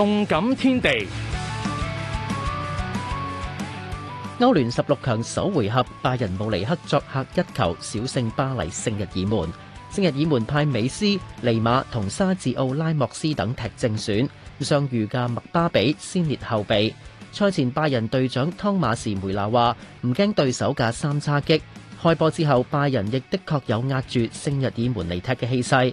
動感天地。歐聯十六強首回合，拜仁慕尼黑作客一球小勝巴黎聖日耳門。聖日耳門派美斯、尼馬同沙治奧拉莫斯等踢正選，傷愈嘅麥巴比先列後備。賽前拜仁隊長湯馬士梅拿話唔驚對手嘅三叉戟。開波之後，拜仁亦的確有壓住聖日耳門嚟踢嘅氣勢。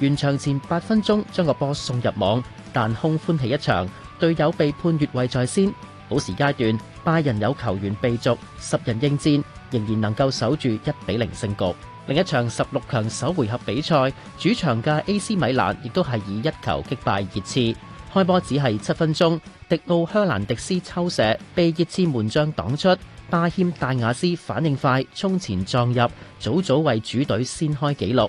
完場前八分鐘將個波送入網，但空歡喜一場，隊友被判越位在先。補時階段，拜仁有球員被逐，十人應戰，仍然能夠守住一比零勝局。另一場十六強首回合比賽，主場嘅 AC 米蘭亦都係以一球擊敗熱刺。開波只係七分鐘，迪奧香蘭迪斯抽射被熱刺門將擋出，巴謙戴亞斯反應快，衝前撞入，早早為主隊先開紀錄。